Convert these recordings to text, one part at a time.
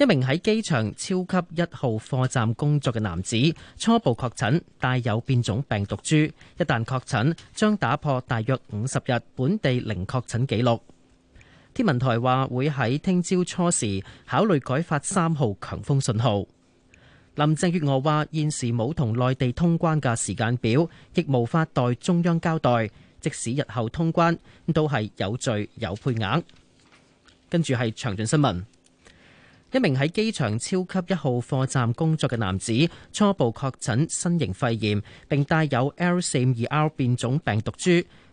一名喺機場超級一號貨站工作嘅男子初步確診帶有變種病毒株。一旦確診將打破大約五十日本地零確診記錄。天文台話會喺聽朝初時考慮改發三號強風信號。林鄭月娥話現時冇同內地通關嘅時間表，亦無法代中央交代。即使日後通關都係有罪有配額，跟住係詳盡新聞。一名喺機場超級一號貨站工作嘅男子初步確診新型肺炎，並帶有 L452R 變種病毒株。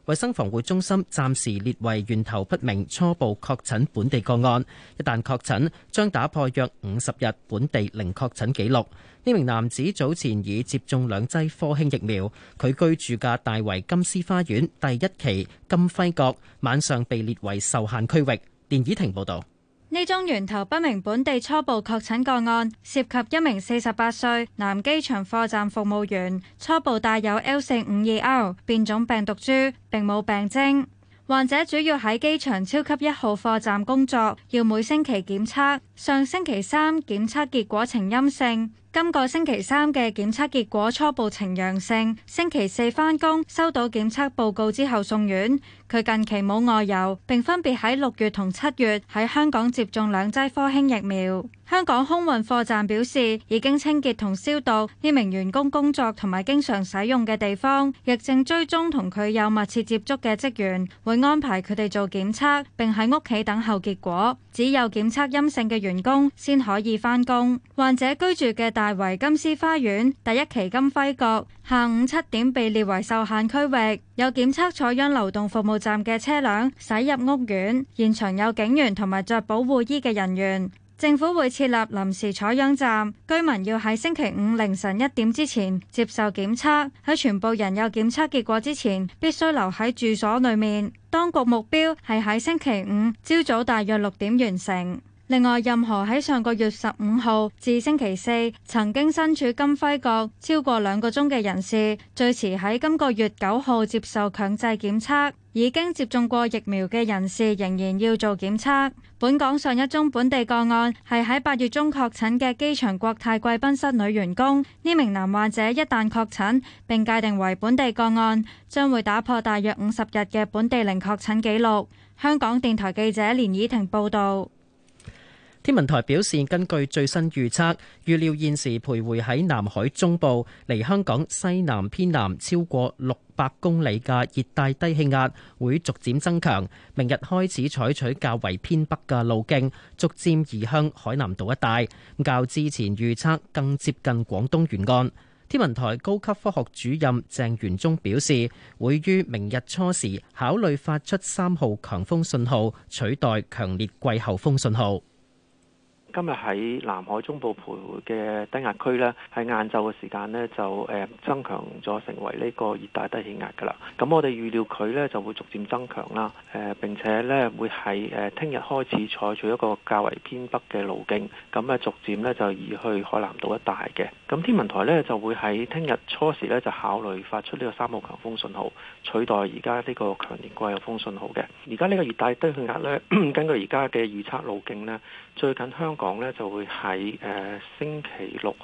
衛生防護中心暫時列為源頭不明，初步確診本地個案。一旦確診，將打破約五十日本地零確診記錄。呢名男子早前已接種兩劑科興疫苗。佢居住嘅大圍金獅花園第一期金輝閣晚上被列為受限區域。連倚婷報道。呢宗源頭不明本地初步確診個案，涉及一名四十八歲男機場貨站服務員，初步帶有 L452R 變種病毒株，並冇病徵。患者主要喺機場超級一號貨站工作，要每星期檢測，上星期三檢測結果呈陰性。今個星期三嘅檢測結果初步呈陽性，星期四返工收到檢測報告之後送院。佢近期冇外遊，並分別喺六月同七月喺香港接種兩劑科興疫苗。香港空運貨站表示已經清潔同消毒呢名員工工作同埋經常使用嘅地方，亦正追蹤同佢有密切接觸嘅職員會安排佢哋做檢測，並喺屋企等候結果。只有檢測陰性嘅員工先可以返工。患者居住嘅大圍金獅花園第一期金輝閣下午七點被列為受限區域，有檢測採樣流動服務站嘅車輛駛入屋苑，現場有警員同埋着保護衣嘅人員。政府會設立臨時採樣站，居民要喺星期五凌晨一點之前接受檢測，喺全部人有檢測結果之前必須留喺住所裏面。當局目標係喺星期五朝早大約六點完成。另外，任何喺上個月十五號至星期四曾經身處金輝閣超過兩個鐘嘅人士，最遲喺今個月九號接受強制檢測。已經接種過疫苗嘅人士仍然要做檢測。本港上一宗本地個案係喺八月中確診嘅機場國泰貴賓室女員工。呢名男患者一旦確診並界定為本地個案，將會打破大約五十日嘅本地零確診記錄。香港電台記者連以婷報導。天文台表示，根據最新預測，預料現時徘徊喺南海中部，離香港西南偏南超過六百公里嘅熱帶低氣壓會逐漸增強，明日開始採取較為偏北嘅路徑，逐漸移向海南島一帶，較之前預測更接近廣東沿岸。天文台高級科學主任鄭元忠表示，會於明日初時考慮發出三號強風信號，取代強烈季候風信號。今日喺南海中部徘徊嘅低壓區咧，喺晏晝嘅時間咧就誒增強咗成為呢個熱帶低氣壓噶啦。咁我哋預料佢咧就會逐漸增強啦，誒，並且咧會喺誒聽日開始採取一個較為偏北嘅路徑，咁啊逐漸咧就移去海南島一帶嘅。咁天文台咧就會喺聽日初時咧就考慮發出呢個三號強風信號，取代而家呢個強烈季候風信號嘅。而家呢個熱帶低氣壓咧，根據而家嘅預測路徑咧，最近香港。講咧就會喺誒、呃、星期六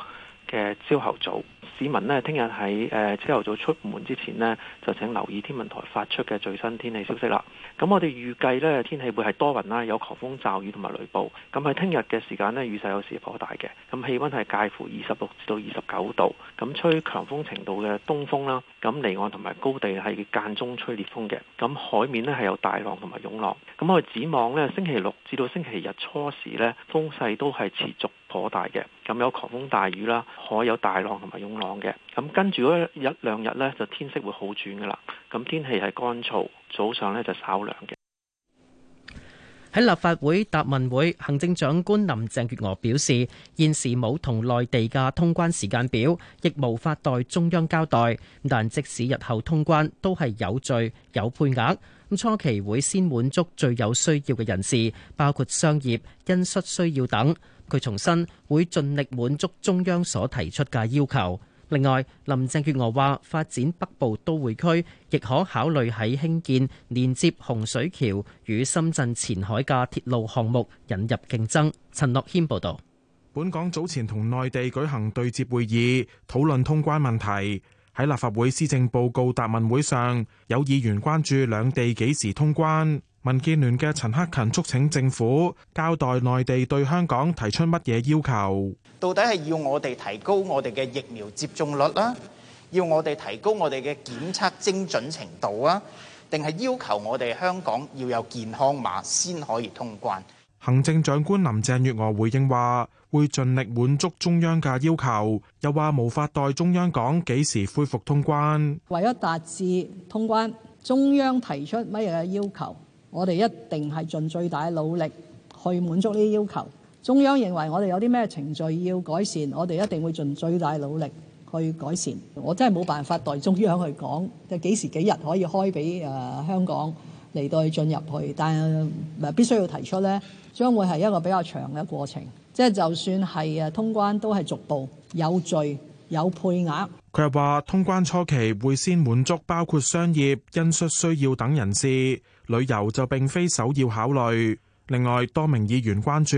嘅朝頭早。市民呢，聽日喺誒朝頭早出門之前呢，就請留意天文台發出嘅最新天氣消息啦。咁我哋預計呢，天氣會係多雲啦，有狂風、驟雨同埋雷暴。咁喺聽日嘅時間呢，雨勢有時頗大嘅。咁氣温係介乎二十六至到二十九度。咁吹強風程度嘅東風啦。咁離岸同埋高地係間中吹烈風嘅。咁海面呢係有大浪同埋湧浪。咁我哋展望呢星期六至到星期日初時呢，風勢都係持續。火大嘅，咁有狂風大雨啦，海有大浪同埋湧浪嘅，咁跟住一兩日呢，就天色會好轉噶啦，咁天氣係乾燥，早上呢就稍涼嘅。喺立法會答問會，行政長官林鄭月娥表示，現時冇同內地嘅通關時間表，亦無法代中央交代，但即使日後通關，都係有序、有配額，咁初期會先滿足最有需要嘅人士，包括商業、因失需要等。佢重申會盡力滿足中央所提出嘅要求。另外，林鄭月娥話發展北部都會區亦可考慮喺興建連接洪水橋與深圳前海嘅鐵路項目引入競爭。陳樂謙報道。本港早前同內地舉行對接會議討論通關問題，喺立法會施政報告答問會上，有議員關注兩地幾時通關。民建聯嘅陳克勤促請政府交代內地對香港提出乜嘢要求？到底係要我哋提高我哋嘅疫苗接種率啦，要我哋提高我哋嘅檢測精準程度啊，定係要求我哋香港要有健康碼先可以通關？行政長官林鄭月娥回應話會盡力滿足中央嘅要求，又話無法代中央講幾時恢復通關。為咗達至通關，中央提出乜嘢要求？我哋一定係盡最大努力去滿足呢啲要求。中央認為我哋有啲咩程序要改善，我哋一定會盡最大努力去改善。我真係冇辦法代中央去講，就幾時幾日可以開俾誒香港嚟到去進入去，但係必須要提出呢，將會係一個比較長嘅過程。即係就算係誒通關，都係逐步有序有配額。佢又話，通關初期會先滿足包括商業、因需需要等人士。旅遊就並非首要考慮。另外，多名議員關注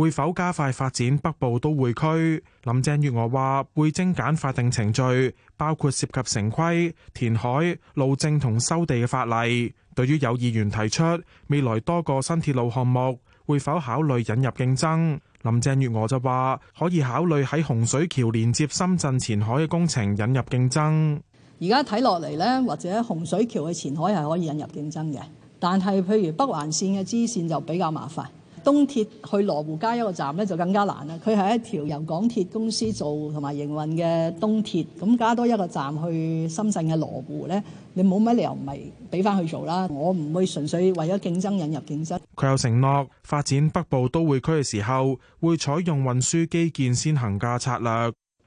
會否加快發展北部都會區。林鄭月娥話會精簡法定程序，包括涉及城規、填海、路政同收地嘅法例。對於有議員提出未來多個新鐵路項目會否考慮引入競爭，林鄭月娥就話可以考慮喺洪水橋連接深圳前海嘅工程引入競爭。而家睇落嚟呢，或者洪水橋嘅前海係可以引入競爭嘅。但係，譬如北環線嘅支線就比較麻煩，東鐵去羅湖加一個站咧，就更加難啦。佢係一條由港鐵公司做同埋營運嘅東鐵，咁加多一個站去深圳嘅羅湖咧，你冇乜理由唔係俾翻去做啦。我唔會純粹為咗競爭引入競爭。佢有承諾發展北部都會區嘅時候，會採用運輸基建先行嘅策略。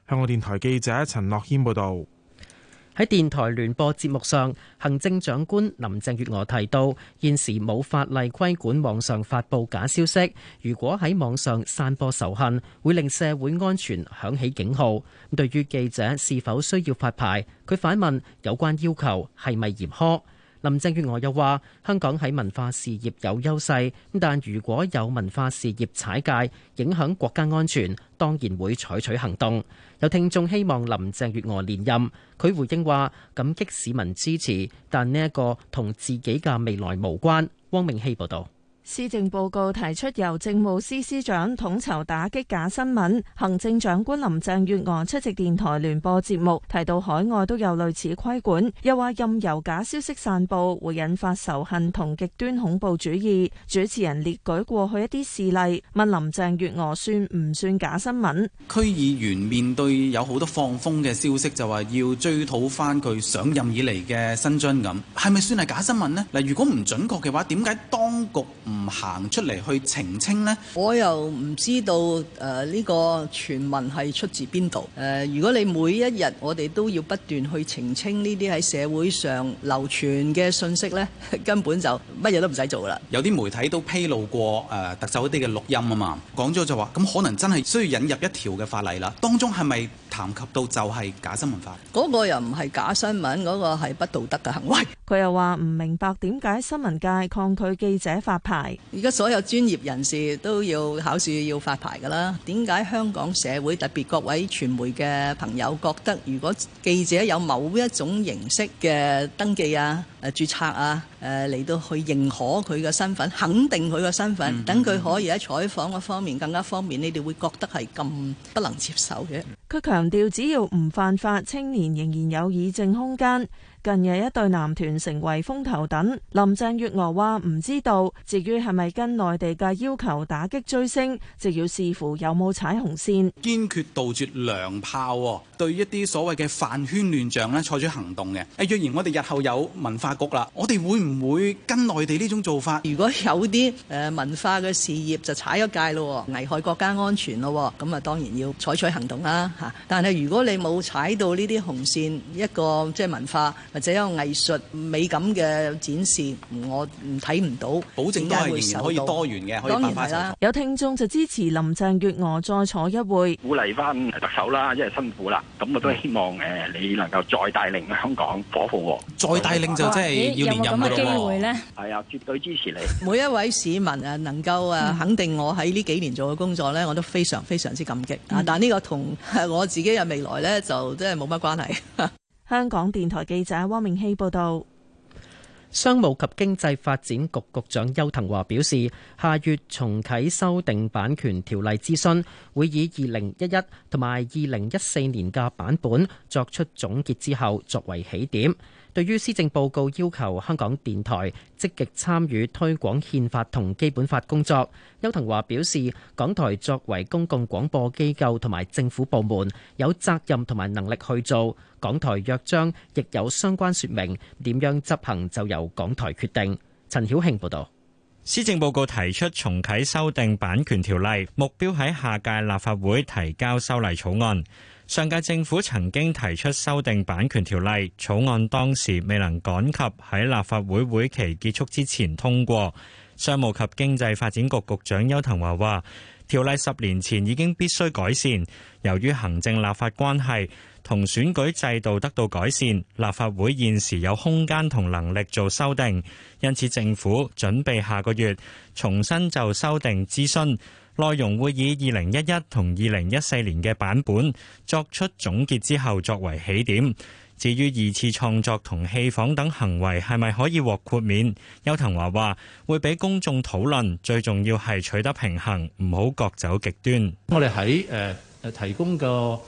香港電台記者陳諾軒報道。喺電台聯播節目上，行政長官林鄭月娥提到，現時冇法例規管網上發布假消息。如果喺網上散播仇恨，會令社會安全響起警號。咁對於記者是否需要發牌，佢反問有關要求係咪嚴苛。林鄭月娥又話，香港喺文化事業有優勢，但如果有文化事業踩界，影響國家安全，當然會採取行動。有聽眾希望林鄭月娥連任，佢回應話感激市民支持，但呢一個同自己嘅未來無關。汪明希報導。施政報告提出由政務司司長統籌打擊假新聞。行政長官林鄭月娥出席電台聯播節目，提到海外都有類似規管，又話任由假消息散佈會引發仇恨同極端恐怖主義。主持人列舉過去一啲事例，問林鄭月娥算唔算假新聞？區議員面對有好多放風嘅消息，就話要追討翻佢上任以嚟嘅薪津咁，係咪算係假新聞呢？嗱，如果唔準確嘅話，點解當局？唔行出嚟去澄清呢，我又唔知道誒呢、呃呢個傳聞係出自邊度誒。如果你每一日我哋都要不斷去澄清呢啲喺社會上流傳嘅信息呢，根本就乜嘢都唔使做啦。有啲媒體都披露過誒、呃、特首啲嘅錄音啊嘛，講咗就話咁可能真係需要引入一條嘅法例啦。當中係咪談及到就係假新聞法？嗰個又唔係假新聞嗰、嗰個係不道德嘅行為。佢又話唔明白點解新聞界抗拒記者發牌？而家所有專業人士都要考試要發牌㗎啦。點解香港社會特別各位傳媒嘅朋友覺得，如果記者有某一種形式嘅登記啊、誒註冊啊、誒嚟到去認可佢嘅身份，肯定佢嘅身份，等佢、mm hmm. 可以喺採訪嗰方面更加方便，你哋會覺得係咁不能接受嘅？佢強調，只要唔犯法，青年仍然有議政空間。近日一對男團成為風頭躉，林鄭月娥話唔知道，至於係咪跟內地嘅要求打擊追星，就要視乎有冇踩紅線。堅決杜絕娘炮，對一啲所謂嘅飯圈亂象咧採取行動嘅。誒，若然我哋日後有文化局啦，我哋會唔會跟內地呢種做法？如果有啲誒文化嘅事業就踩一界咯，危害國家安全咯，咁啊當然要採取行動啦嚇。但係如果你冇踩到呢啲紅線，一個即係、即係、文化。或者有藝術美感嘅展示，我唔睇唔到。保證都係仍然可以多元嘅，可以百花齊放。當然係啦，作作有聽眾就支持林鄭月娥再坐一會，鼓勵翻特首啦，因為辛苦啦，咁我都希望誒你能夠再帶領香港火紅，再帶領就即係要連任。有冇咁嘅機會咧？係啊，絕對支持你。每一位市民誒能夠啊肯定我喺呢幾年做嘅工作咧，嗯、我都非常非常之感激啊！嗯、但係呢個同我自己嘅未來咧，就即係冇乜關係。香港電台記者汪明希報道，商務及經濟發展局局長邱騰華表示，下月重啟修訂版權條例諮詢，會以二零一一同埋二零一四年嘅版本作出總結之後，作為起點。對於施政報告要求香港電台積極參與推廣憲法同基本法工作，邱騰華表示，港台作為公共廣播機構同埋政府部門，有責任同埋能力去做。港台約章亦有相關説明，點樣執行就由港台決定。陳曉慶報導。施政報告提出重啟修訂版權條例，目標喺下屆立法會提交修例草案。上屆政府曾經提出修訂版權條例，草案當時未能趕及喺立法會會期結束之前通過。商務及經濟發展局局長邱騰華話，條例十年前已經必須改善，由於行政立法關係，同選舉制度得到改善，立法會現時有空間同能力做修訂，因此政府準備下個月重新就修訂諮詢，內容會以二零一一同二零一四年嘅版本作出總結之後，作為起點。至於二次創作同戲仿等行為係咪可以獲豁免？邱騰華話會俾公眾討論，最重要係取得平衡，唔好各走極端。我哋喺誒誒提供個誒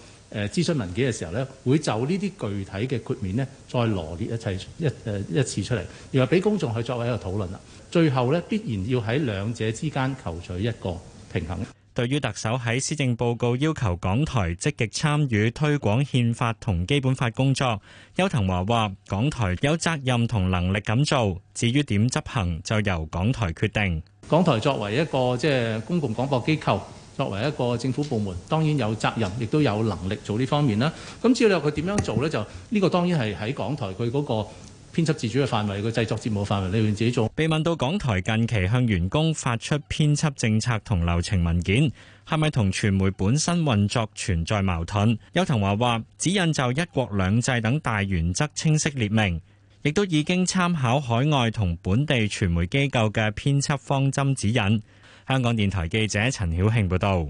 諮詢文件嘅時候咧，會就呢啲具體嘅豁免呢，再羅列一齊一誒一次出嚟，然後俾公眾去作為一個討論啦。最後咧，必然要喺兩者之間求取一個。平衡。對於特首喺施政報告要求港台積極參與推廣憲法同基本法工作，邱騰華話：港台有責任同能力咁做，至於點執行就由港台決定。港台作為一個即係公共廣播機構，作為一個政府部門，當然有責任，亦都有能力做呢方面啦。咁只要你話佢點樣做呢，就呢個當然係喺港台佢嗰個編輯自主嘅範圍，個製作節目嘅範圍，你哋自己做。被問到港台近期向員工發出編輯政策同流程文件，係咪同傳媒本身運作存在矛盾？邱騰華話指引就一國兩制等大原則清晰列明，亦都已經參考海外同本地傳媒機構嘅編輯方針指引。香港電台記者陳曉慶報道。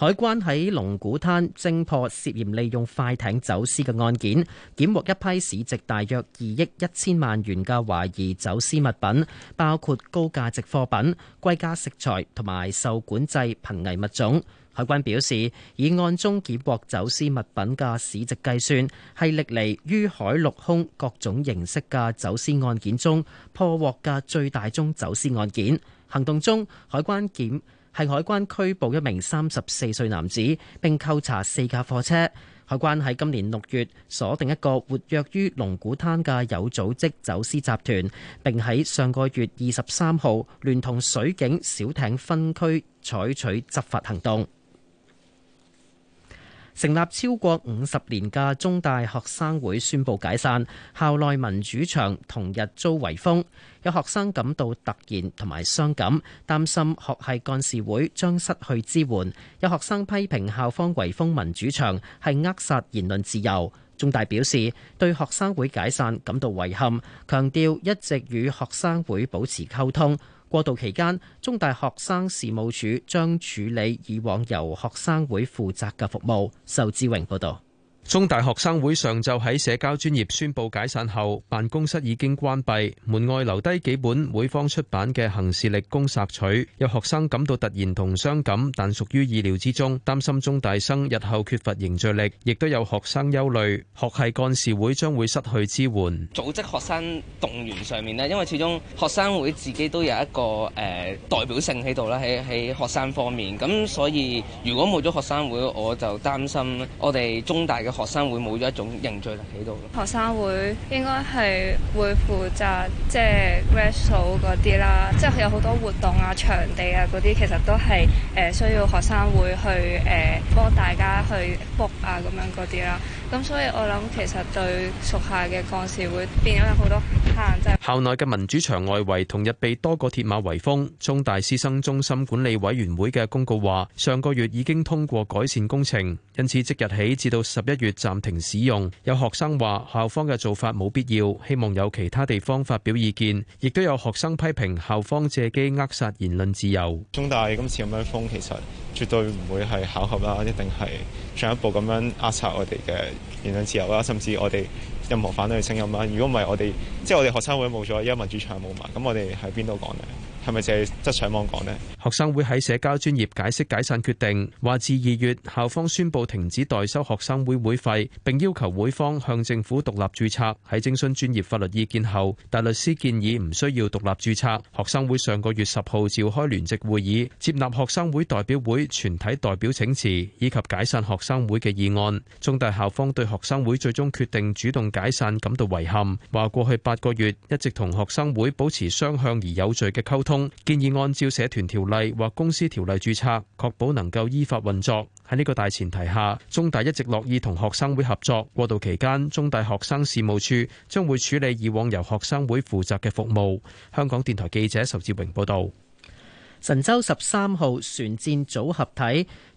海關喺龍鼓灘偵破涉嫌利用快艇走私嘅案件，檢獲一批市值大約二億一千萬元嘅懷疑走私物品，包括高價值貨品、貴價食材同埋受管制瀕危物種。海關表示，以案中檢獲走私物品嘅市值計算，係歷嚟於海陸空各種形式嘅走私案件中破獲嘅最大宗走私案件。行動中，海關檢係海關拘捕一名三十四歲男子，並扣查四架貨車。海關喺今年六月鎖定一個活躍於龍鼓灘嘅有組織走私集團，並喺上個月二十三號聯同水警小艇分區採取執法行動。成立超過五十年嘅中大學生會宣布解散，校內民主牆同日遭圍封，有學生感到突然同埋傷感，擔心學系幹事會將失去支援。有學生批評校方圍封民主牆係扼殺言論自由。中大表示對學生會解散感到遺憾，強調一直與學生會保持溝通。過渡期間，中大學生事務處將處理以往由學生會負責嘅服務。仇志榮報道。中大學生會上晝喺社交專頁宣佈解散後，辦公室已經關閉，門外留低幾本會方出版嘅行事曆供索取。有學生感到突然同傷感，但屬於意料之中。擔心中大生日後缺乏凝聚力，亦都有學生憂慮學系幹事會將會失去支援。組織學生動員上面咧，因為始終學生會自己都有一個誒代表性喺度啦，喺喺學生方面。咁所以如果冇咗學生會，我就擔心我哋中大嘅。學生會冇咗一種凝聚力喺度。學生會應該係會負責即係 resort 嗰啲啦，即係 有好多活動啊、場地啊嗰啲，其實都係誒、呃、需要學生會去誒幫、呃、大家去 book 啊咁樣嗰啲啦。咁所以，我諗其實對屬下嘅幹事會變咗有好多限制。校內嘅民主牆外圍同日被多個鐵馬圍封。中大師生中心管理委員會嘅公告話，上個月已經通過改善工程，因此即日起至到十一月暫停使用。有學生話，校方嘅做法冇必要，希望有其他地方發表意見。亦都有學生批評校方借機扼殺言論自由。中大今次咁樣封，其實絕對唔會係巧合啦，一定係。進一步咁樣扼殺我哋嘅言論自由啦，甚至我哋任何反對聲音啦。如果唔係，我哋即係我哋學生會冇咗，因為民主牆冇埋，咁我哋喺邊度講呢？係咪就係得上網講呢？學生會喺社交專業解釋解散決定，話自二月校方宣布停止代收學生會會費，並要求會方向政府獨立註冊。喺徵詢專業法律意見後，大律師建議唔需要獨立註冊。學生會上個月十號召開聯席會議，接納學生會代表會全體代表請辭，以及解散學生會嘅議案。中大校方對學生會最終決定主動解散感到遺憾，話過去八個月一直同學生會保持雙向而有序嘅溝通。建議按照社團條例或公司條例註冊，確保能夠依法運作。喺呢個大前提下，中大一直樂意同學生會合作。過渡期間，中大學生事務處將會處理以往由學生會負責嘅服務。香港電台記者仇志榮報道。神舟十三號船箭組合體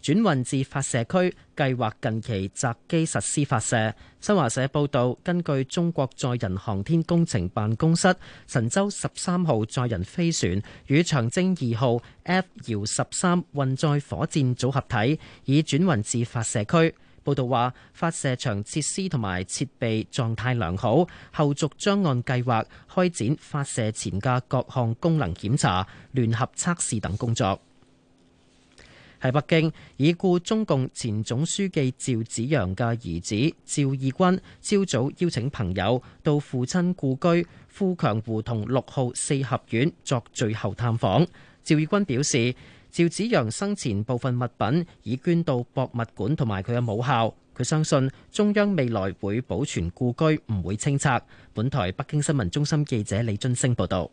轉運至發射區，計劃近期擇機實施發射。新華社報道，根據中國載人航天工程辦公室，神舟十三號載人飛船與長征二號 F 遙十三運載火箭組合體已轉運至發射區。報道話，發射場設施同埋設備狀態良好，後續將按計劃開展發射前嘅各項功能檢查、聯合測試等工作。喺北京，已故中共前總書記趙紫陽嘅兒子趙義軍朝早邀請朋友到父親故居富強胡同六號四合院，作最後探訪。趙義軍表示。趙紫陽生前部分物品已捐到博物館同埋佢嘅母校，佢相信中央未來會保存故居，唔會清拆。本台北京新聞中心記者李俊升報道。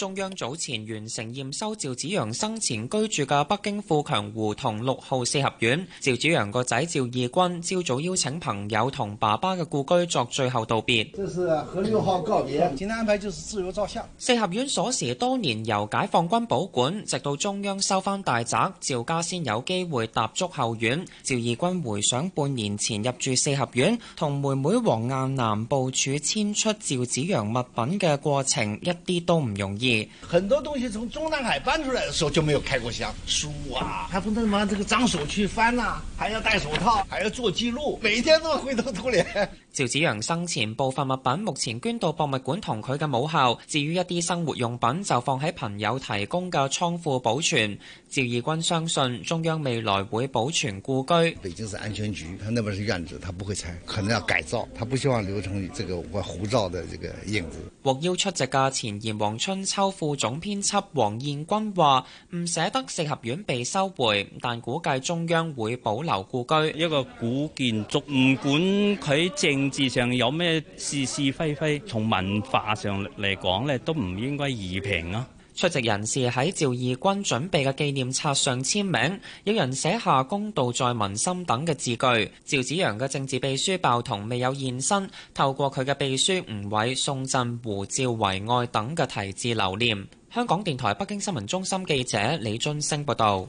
中央早前完成驗收趙紫陽生前居住嘅北京富強胡同六號四合院。趙紫陽個仔趙二軍朝早邀請朋友同爸爸嘅故居作最後道別。這是和六號告別。今天安排就是自由照相。四合院鎖匙多年由解放軍保管，直到中央收翻大宅，趙家先有機會踏足後院。趙二軍回想半年前入住四合院，同妹妹王雁南部署遷出趙紫陽物品嘅過程，一啲都唔容易。很多東西從中南海搬出來的時候就沒有開過箱，書啊，還不能拿這個髒手去翻啊，還要戴手套，還要做記錄，每天都是灰頭土臉。趙紫陽生前部分物品目前捐到博物館同佢嘅母校，至於一啲生活用品就放喺朋友提供嘅倉庫保存。趙義軍相信中央未來會保存故居。北京市安全局，他那邊是院子，他不會拆，可能要改造，他不希望留成這個我胡趙的這個影子。獲邀出席嘅前延王春。副總編輯黃燕君話：唔捨得四合院被收回，但估計中央會保留故居。一個古建築，唔管佢政治上有咩是是非非，從文化上嚟講咧，都唔應該移平啊。出席人士喺趙義軍準備嘅紀念冊上簽名，有人寫下“公道在民心”等嘅字句。趙紫陽嘅政治秘書鮑彤未有現身，透過佢嘅秘書吳偉宋振、胡趙維愛等嘅題字留念。香港電台北京新聞中心記者李津星報道。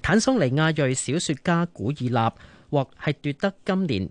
坦桑尼亞裔小說家古爾納獲係奪得今年。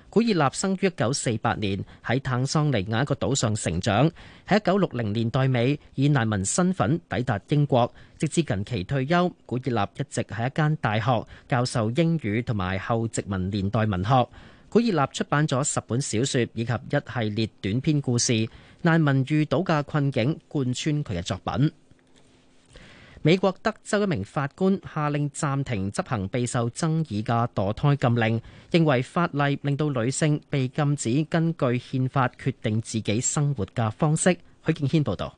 古爾納生於一九四八年，喺坦桑尼亞一個島上成長，喺一九六零年代尾以難民身份抵達英國，直至近期退休。古爾納一直喺一間大學教授英語同埋後殖民年代文學。古爾納出版咗十本小說以及一系列短篇故事，難民遇到嘅困境貫穿佢嘅作品。美國德州一名法官下令暫停執行備受爭議嘅墮胎禁令，認為法例令到女性被禁止根據憲法決定自己生活嘅方式。許敬軒報導，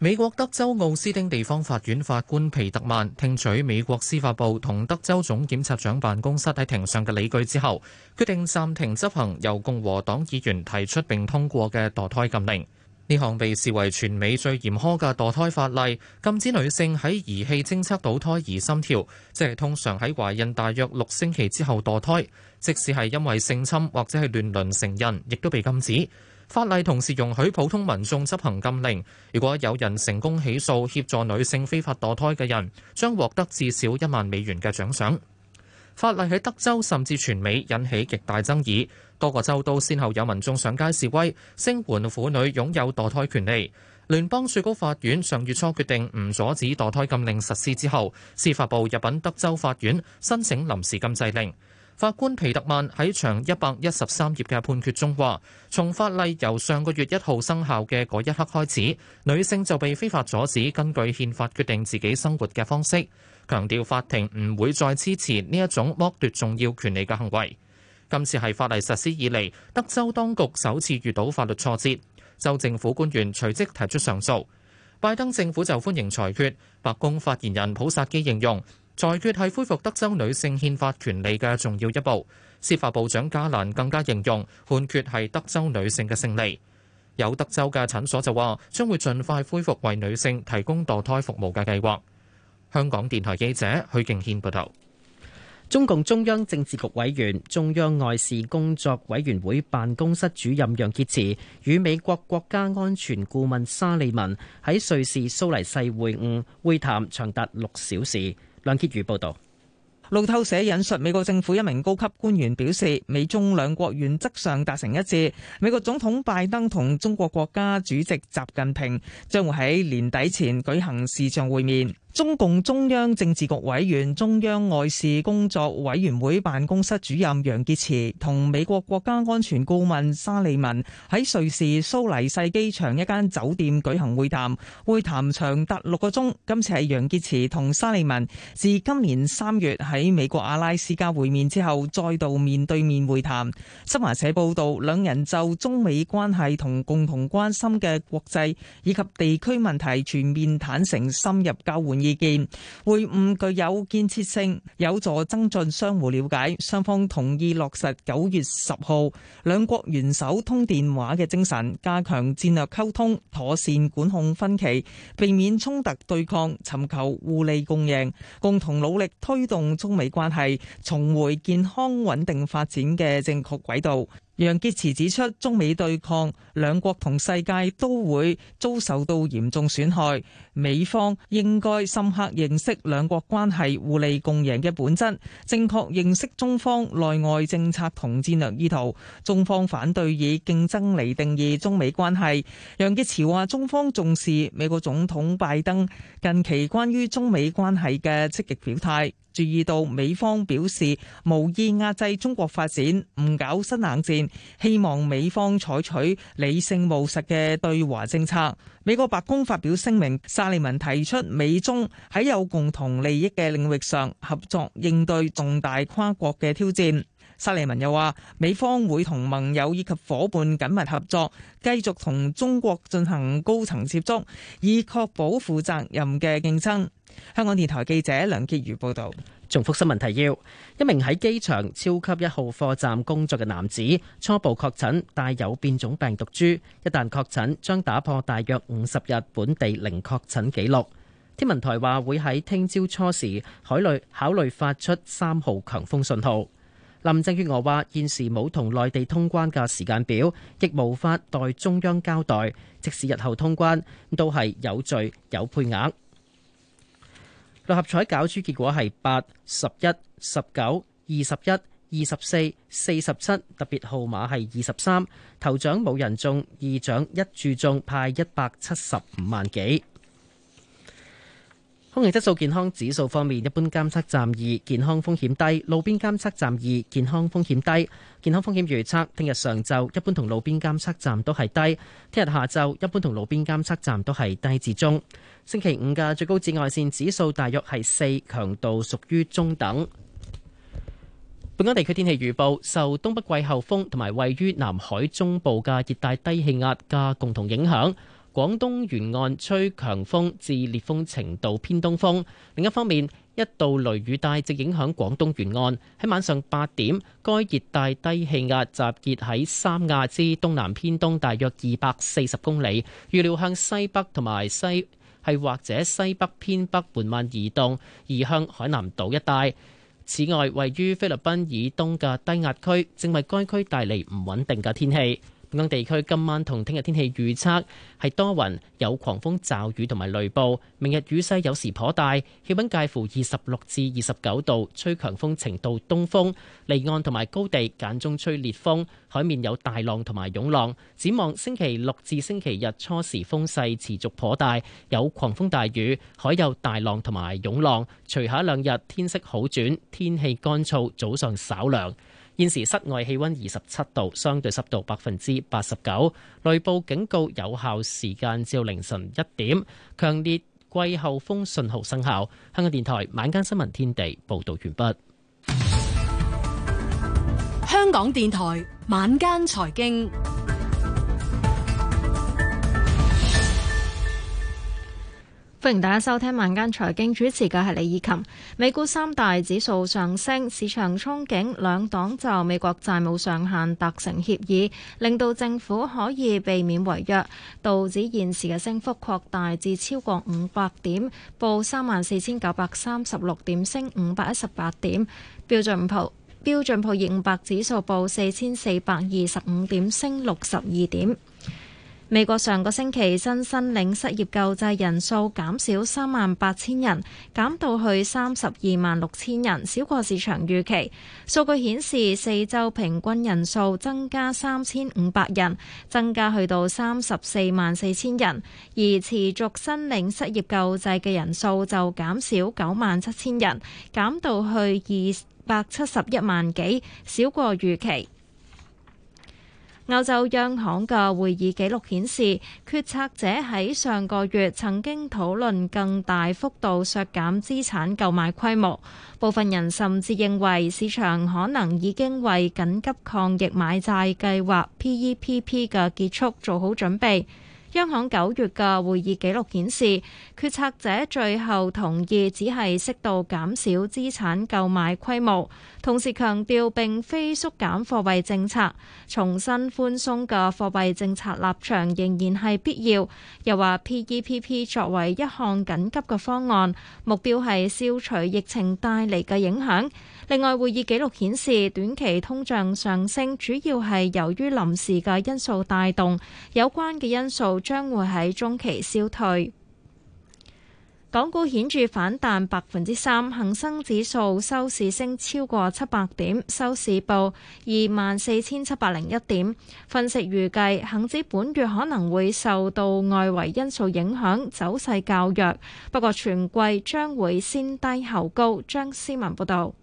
美國德州奧斯丁地方法院法官皮特曼聽取美國司法部同德州總檢察長辦公室喺庭上嘅理據之後，決定暫停執行由共和黨議員提出並通過嘅墮胎禁令。呢項被視為全美最嚴苛嘅墮胎法例，禁止女性喺儀器偵測到胎兒心跳，即係通常喺懷孕大約六星期之後墮胎。即使係因為性侵或者係亂倫成孕，亦都被禁止。法例同時容許普通民眾執行禁令。如果有人成功起訴協助女性非法墮胎嘅人，將獲得至少一萬美元嘅獎賞。法例喺德州甚至全美引起極大爭議，多個州都先後有民眾上街示威，聲援婦女擁有墮胎權利。聯邦最高法院上月初決定唔阻止墮胎禁令實施之後，司法部入禀德州法院申請臨時禁制令。法官皮特曼喺長一百一十三頁嘅判決中話，從法例由上個月一號生效嘅嗰一刻開始，女性就被非法阻止根據憲法決定自己生活嘅方式。強調法庭唔會再支持呢一種剝奪重要權利嘅行為。今次係法例實施以嚟，德州當局首次遇到法律挫折，州政府官員隨即提出上訴。拜登政府就歡迎裁決，白宮發言人普薩基形容裁決係恢復德州女性憲法權利嘅重要一步。司法部長加蘭更加形容判決係德州女性嘅勝利。有德州嘅診所就話將會盡快恢復為女性提供墮胎服務嘅計劃。香港電台記者許敬軒報道，中共中央政治局委員、中央外事工作委員會辦公室主任楊潔篪與美國國家安全顧問沙利文喺瑞士蘇黎世會晤會談，長達六小時。梁潔如報道。路透社引述美國政府一名高級官員表示，美中兩國原則上達成一致，美國總統拜登同中國國家主席習近平將會喺年底前舉行視像會面。中共中央政治局委員、中央外事工作委員會辦公室主任楊潔篪同美國國家安全顧問沙利文喺瑞士蘇黎世機場一間酒店舉行會談，會談長達六個鐘。今次係楊潔篪同沙利文自今年三月喺美國阿拉斯加會面之後，再度面對面會談。新華社報道，兩人就中美關係同共同關心嘅國際以及地區問題全面坦誠深入交換。意見會晤具有建設性，有助增進相互了解。雙方同意落實九月十號兩國元首通電話嘅精神，加強戰略溝通，妥善管控分歧，避免衝突對抗，尋求互利共贏，共同努力推動中美關係重回健康穩定發展嘅正確軌道。楊潔篪指出，中美對抗，兩國同世界都會遭受到嚴重損害。美方應該深刻認識兩國關係互利共贏嘅本質，正確認識中方內外政策同戰略意圖。中方反對以競爭嚟定義中美關係。楊潔篪話：中方重視美國總統拜登近期關於中美關係嘅積極表態。注意到美方表示無意壓制中國發展，唔搞新冷戰，希望美方採取理性務實嘅對華政策。美國白宮發表聲明，沙利文提出美中喺有共同利益嘅領域上合作應對重大跨國嘅挑戰。沙利文又話，美方會同盟友以及夥伴緊密合作，繼續同中國進行高層接觸，以確保負責任嘅競爭。香港電台記者梁潔如報道。重複新聞提要：一名喺機場超級一號貨站工作嘅男子初步確診帶有變種病毒株，一旦確診，將打破大約五十日本地零確診記錄。天文台話會喺聽朝初時海內考慮考慮發出三號強風信號。林鄭月娥話：現時冇同內地通關嘅時間表，亦無法代中央交代。即使日後通關，都係有罪有配額。六合彩攪珠結果係八、十一、十九、二十一、二十四、四十七，特別號碼係二十三。頭獎冇人中，二獎一注中派一百七十五萬幾。空氣質素健康指數方面，一般監測站二健康風險低，路邊監測站二健康風險低。健康風險預測，聽日上晝一般同路邊監測站都係低，聽日下晝一般同路邊監測站都係低至中。星期五嘅最高紫外線指數大約係四，強度屬於中等。本港地區天氣預報，受東北季候風同埋位於南海中部嘅熱帶低氣壓嘅共同影響。廣東沿岸吹強風至烈風程度，偏東風。另一方面，一道雷雨帶直影響廣東沿岸。喺晚上八點，該熱帶低氣壓集結喺三亞之東南偏東大約二百四十公里，預料向西北同埋西係或者西北偏北緩慢移動，移向海南島一帶。此外，位於菲律賓以東嘅低壓區，正為該區帶嚟唔穩定嘅天氣。本港地區今晚同聽日天氣預測係多雲，有狂風驟雨同埋雷暴。明日雨勢有時頗大，氣温介乎二十六至二十九度，吹強風程度東風，離岸同埋高地間中吹烈風，海面有大浪同埋湧浪。展望星期六至星期日初時風勢持續頗大，有狂風大雨，海有大浪同埋湧浪。隨下兩日天色好轉，天氣乾燥，早上稍涼。現時室外氣溫二十七度，相對濕度百分之八十九。雷暴警告有效時間至凌晨一點，強烈季候風信號生效。香港電台晚間新聞天地報道完畢。香港電台晚間財經。歡迎大家收聽《晚間財經》，主持嘅係李以琴。美股三大指數上升，市場憧憬兩黨就美國債務上限達成協議，令到政府可以避免違約，道指現時嘅升幅擴大至超過五百點，報三萬四千九百三十六點，升五百一十八點。標準普標準普爾五百指數報四千四百二十五點，升六十二點。美國上個星期新申領失業救濟人數減少三萬八千人，減到去三十二萬六千人，少過市場預期。數據顯示，四周平均人數增加三千五百人，增加去到三十四萬四千人，而持續申領失業救濟嘅人數就減少九萬七千人，減到去二百七十一萬幾，少過預期。歐洲央行嘅會議記錄顯示，決策者喺上個月曾經討論更大幅度削減資產購買規模，部分人甚至認為市場可能已經為緊急抗疫買債計劃 （PEPP） 嘅結束做好準備。央行九月嘅會議記錄顯示，決策者最後同意只係適度減少資產購買規模，同時強調並非縮減貨幣政策，重新寬鬆嘅貨幣政策立場仍然係必要。又話 PEPP 作為一項緊急嘅方案，目標係消除疫情帶嚟嘅影響。另外，會議紀錄顯示，短期通脹上升主要係由於臨時嘅因素帶動，有關嘅因素將會喺中期消退。港股顯著反彈百分之三，恒生指數收市升超過七百點，收市報二萬四千七百零一點。分析預計，恒指本月可能會受到外圍因素影響，走勢較弱。不過，全季將會先低後高。張思文報導。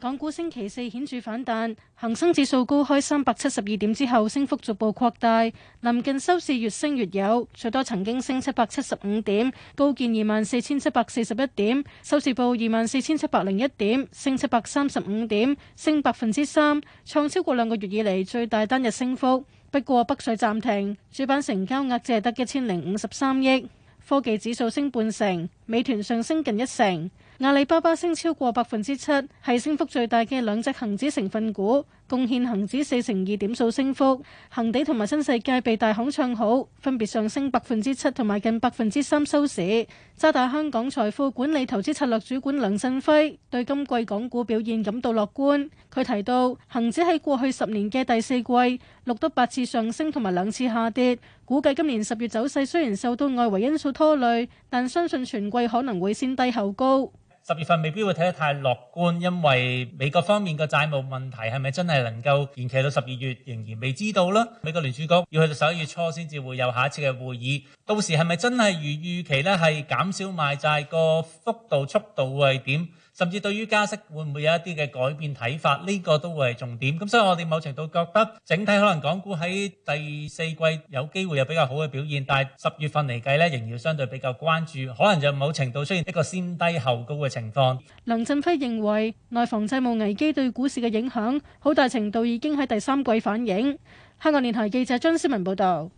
港股星期四顯著反彈，恒生指數高開三百七十二點之後，升幅逐步擴大，臨近收市越升越有，最多曾經升七百七十五點，高見二萬四千七百四十一點，收市報二萬四千七百零一點，升七百三十五點，升百分之三，創超過兩個月以嚟最大單日升幅。不過北水暫停，主板成交額只係得一千零五十三億。科技指數升半成，美團上升近一成。阿里巴巴升超過百分之七，係升幅最大嘅兩隻恒指成分股，貢獻恒指四成二點數升幅。恒地同埋新世界被大行唱好，分別上升百分之七同埋近百分之三收市。渣打香港財富管理投資策略主管梁振輝對今季港股表現感到樂觀。佢提到恒指喺過去十年嘅第四季錄得八次上升同埋兩次下跌，估計今年十月走勢雖然受到外圍因素拖累，但相信全季可能會先低後高。十月份未必會睇得太樂觀，因為美國方面個債務問題係咪真係能夠延期到十二月，仍然未知道呢。美國聯儲局要去到十一月初先至會有下一次嘅會議，到時係咪真係如預期咧，係減少買債個幅度、速度會係點？甚至對於加息會唔會有一啲嘅改變睇法，呢個都會係重點。咁所以我哋某程度覺得整體可能港股喺第四季有機會有比較好嘅表現，但係十月份嚟計呢，仍然要相對比較關注，可能就某程度出現一個先低後高嘅情況。林振輝認為內房債務危機對股市嘅影響好大程度已經喺第三季反映。香港電台記者張思文報導。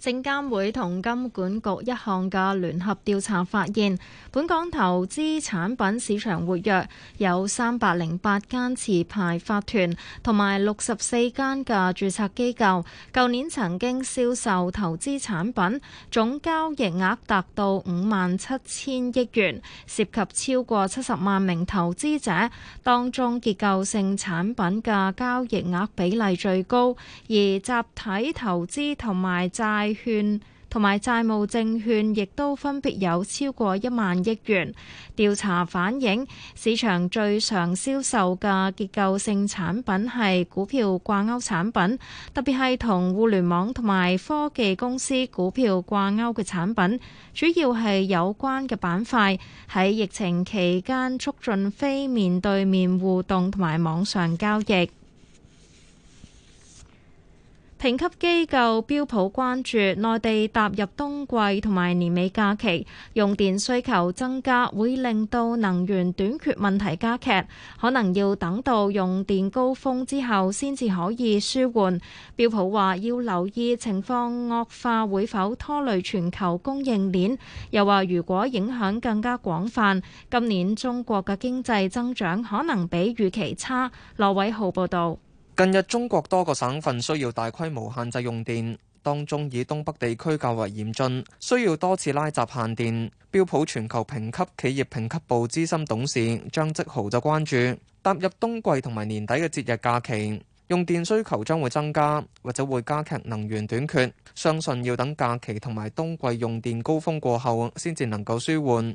證監會同金管局一項嘅聯合調查發現，本港投資產品市場活躍有三百零八間持牌法團同埋六十四間嘅註冊機構，舊年曾經銷售投資產品，總交易額達到五萬七千億元，涉及超過七十萬名投資者，當中結構性產品嘅交易額比例最高，而集體投資同埋債券同埋債務證券亦都分別有超過一萬億元。調查反映，市場最常銷售嘅結構性產品係股票掛鈎產品，特別係同互聯網同埋科技公司股票掛鈎嘅產品，主要係有關嘅板塊，喺疫情期間促進非面對面互動同埋網上交易。評級機構標普關注內地踏入冬季同埋年尾假期，用電需求增加會令到能源短缺問題加劇，可能要等到用電高峰之後先至可以舒緩。標普話要留意情況惡化會否拖累全球供應鏈，又話如果影響更加廣泛，今年中國嘅經濟增長可能比預期差。羅偉浩報導。近日，中國多個省份需要大規模限制用電，當中以東北地區較為嚴峻，需要多次拉閘限電。標普全球評級企業評級部資深董事張積豪就關注，踏入冬季同埋年底嘅節日假期，用電需求將會增加，或者會加劇能源短缺。相信要等假期同埋冬季用電高峰過後，先至能夠舒緩。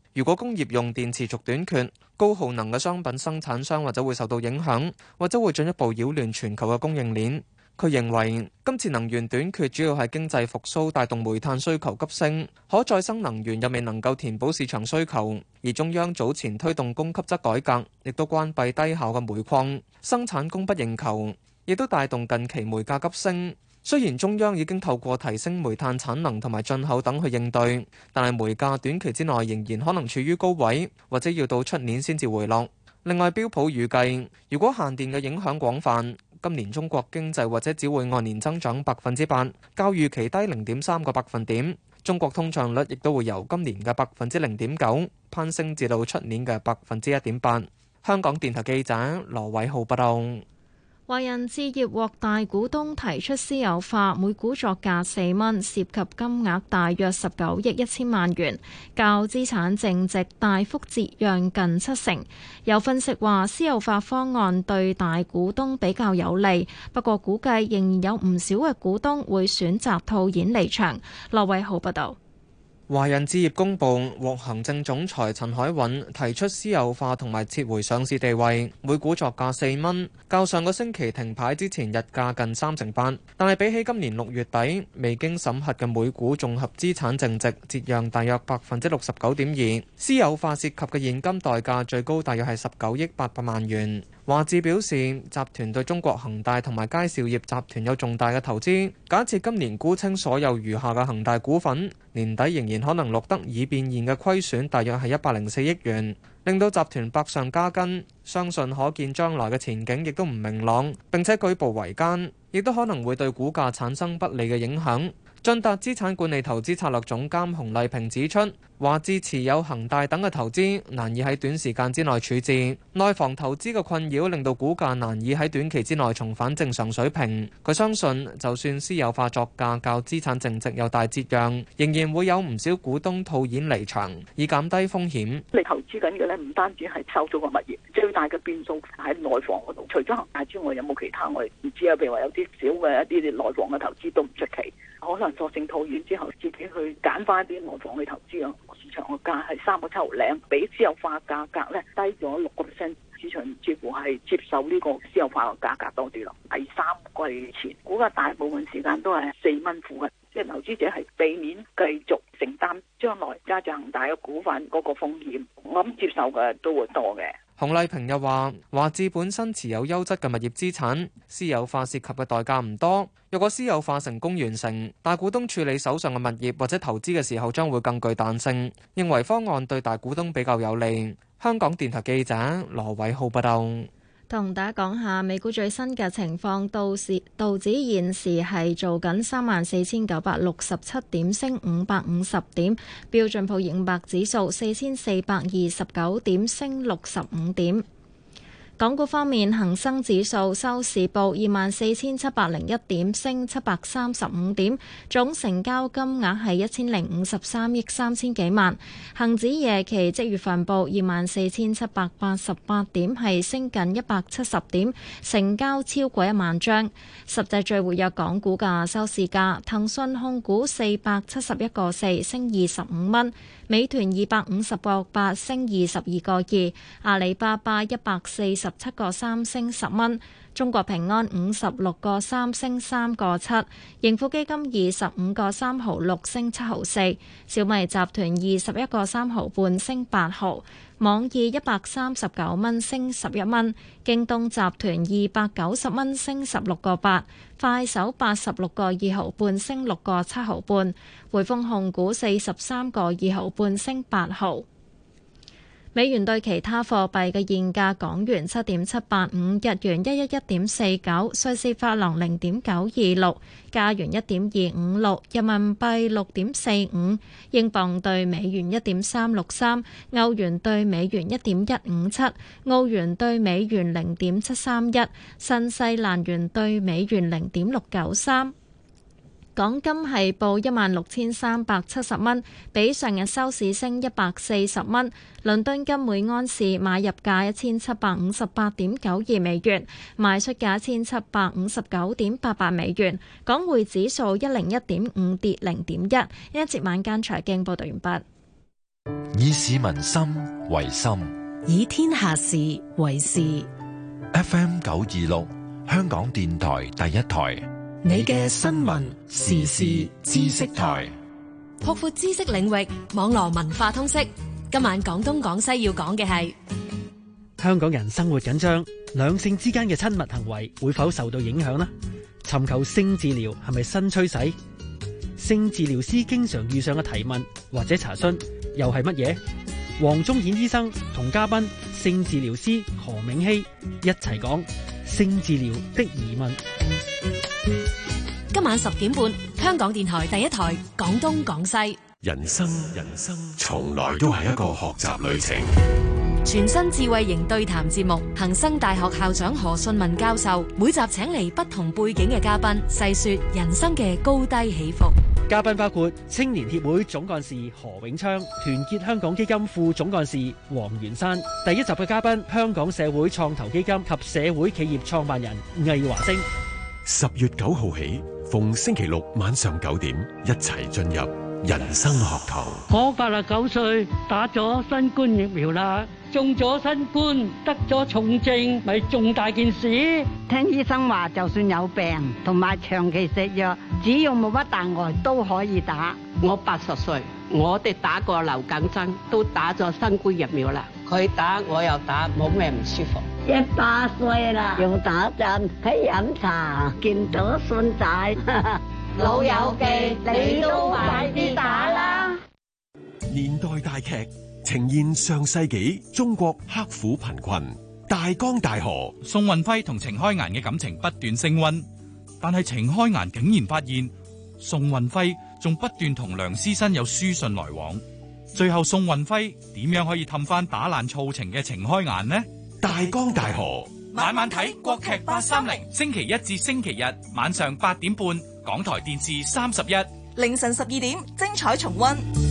如果工業用電持續短缺，高耗能嘅商品生產商或者會受到影響，或者會進一步擾亂全球嘅供應鏈。佢認為，今次能源短缺主要係經濟復甦帶動煤炭需求急升，可再生能源又未能夠填補市場需求。而中央早前推動供給側改革，亦都關閉低效嘅煤礦生產，供不應求，亦都帶動近期煤價急升。雖然中央已經透過提升煤炭產能同埋進口等去應對，但係煤價短期之內仍然可能處於高位，或者要到出年先至回落。另外，標普預計，如果限電嘅影響廣泛，今年中國經濟或者只會按年增長百分之八，較預期低零點三個百分點。中國通脹率亦都會由今年嘅百分之零點九攀升至到出年嘅百分之一點八。香港電台記者羅偉浩報道。華人置業獲大股東提出私有化，每股作價四蚊，涉及金額大約十九億一千萬元，較資產淨值大幅折讓近七成。有分析話，私有化方案對大股東比較有利，不過估計仍然有唔少嘅股東會選擇套現離場。羅偉豪報道。華人置業公布獲行政總裁陳凱韻提出私有化同埋撤回上市地位，每股作價四蚊，較上個星期停牌之前日價近三成八。但係比起今年六月底未經審核嘅每股綜合資產淨值，折讓大約百分之六十九點二。私有化涉及嘅現金代價最高大約係十九億八百萬元。華置表示，集團對中國恒大同埋佳兆業集團有重大嘅投資。假設今年沽清所有餘下嘅恒大股份，年底仍然可能錄得已變現嘅虧損，大約係一百零四億元，令到集團百上加斤。相信可見將來嘅前景亦都唔明朗，並且舉步維艱，亦都可能會對股價產生不利嘅影響。駿達資產管理投資策略總監洪麗萍指出，話支持有恒大等嘅投資難以喺短時間之內處置。內房投資嘅困擾，令到股價難以喺短期之內重返正常水平。佢相信，就算私有化作價較資產淨值有大折讓，仍然會有唔少股東套現離場，以減低風險。你投資緊嘅咧，唔單止係收咗個物業，最大嘅變數喺內房度。除咗恒大之外，有冇其他？我哋唔知啊。譬如話有啲少嘅一啲內房嘅投資都唔出奇，可能作成套現之後，自己去揀翻一啲內房去投資啊。市場價個價係三個七毫零，比私有化價格咧低咗六個 percent，市場似乎係接受呢個私有化個價格多啲咯。係三個月前，股價大部分時間都係四蚊股嘅，即係投資者係避免繼續承擔將來加漲恒大嘅股份嗰個風險，我諗接受嘅都會多嘅。洪麗萍又話：華置本身持有優質嘅物業資產，私有化涉及嘅代價唔多。若果私有化成功完成，大股東處理手上嘅物業或者投資嘅時候將會更具彈性。認為方案對大股東比較有利。香港電台記者羅偉浩報道。同大家講下美股最新嘅情況，道市道指現時係做緊三萬四千九百六十七點，升五百五十點；標準普爾五百指數四千四百二十九點，升六十五點。港股方面，恒生指數收市報二萬四千七百零一點升七百三十五點，總成交金額係一千零五十三億三千幾萬。恒指夜期即月份報二萬四千七百八十八點，係升近一百七十點，成交超過一萬張，十大最活躍港股嘅收市價，騰訊控股四百七十一個四，升二十五蚊。美團二百五十個八升二十二個二，阿里巴巴一百四十七個三升十蚊。中國平安五十六個三升三個七，盈富基金二十五個三毫六升七毫四，小米集團二十一個三毫半升八毫，網易一百三十九蚊升十一蚊，京東集團二百九十蚊升十六個八，快手八十六個二毫半升六個七毫半，匯豐控股四十三個二毫半升八毫。美元兌其他貨幣嘅現價：港元七點七八五，日元一一一點四九，瑞士法郎零點九二六，加元一點二五六，人民幣六點四五，英鎊對美元一點三六三，歐元對美元一點一五七，澳元對美元零點七三一，新西蘭元對美元零點六九三。港金係報一萬六千三百七十蚊，比上日收市升一百四十蚊。倫敦金每安士買入價一千七百五十八點九二美元，賣出價一千七百五十九點八八美元。港匯指數一零一點五跌零點一。一節晚間財經報道完畢。以市民心為心，以天下事為事。F.M. 九二六，香港電台第一台。你嘅新聞時事知識台，擴闊知識領域，網絡文化通識。今晚廣東廣西要講嘅係：香港人生活緊張，兩性之間嘅親密行為會否受到影響呢？尋求性治療係咪新趨勢？性治療師經常遇上嘅提問或者查詢又係乜嘢？黃宗顯醫生同嘉賓性治療師何明希一齊講。性治療的疑問。今晚十點半，香港電台第一台《廣東廣西》。人生，人生從來都係一個學習旅程。全新智慧型對談節目《恒生大學校長何信文教授》，每集請嚟不同背景嘅嘉賓，細說人生嘅高低起伏。嘉賓包括青年協會總幹事何永昌、團結香港基金副總幹事黃元山，第一集嘅嘉賓香港社會創投基金及社會企業創辦人魏華星。十月九號起，逢星期六晚上九點，一齊進入人生學堂。我八十九歲，打咗新冠疫苗啦。中咗新冠，得咗重症，咪重大件事？聽醫生話，就算有病同埋長期食藥，只要冇乜大礙都可以打。我八十歲，我哋打過流感針，都打咗新冠疫苗啦。佢打，我又打，冇咩唔舒服。一百歲啦，用打針，喺飲茶，見到孫仔，老友記，你都快啲打啦。年代大劇。呈現上世紀中國刻苦貧困，大江大河。宋運輝同程開顏嘅感情不斷升温，但係程開顏竟然發現宋運輝仲不斷同梁思申有書信來往。最後宋運輝點樣可以氹翻打爛醋情嘅程開顏呢？大江大河，嗯嗯嗯、晚晚睇國劇八三零，30, 星期一至星期日晚上八點半，港台電視三十一，凌晨十二點，精彩重温。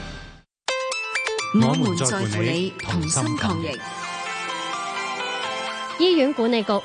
我們在乎你同心抗疫，醫院管理局。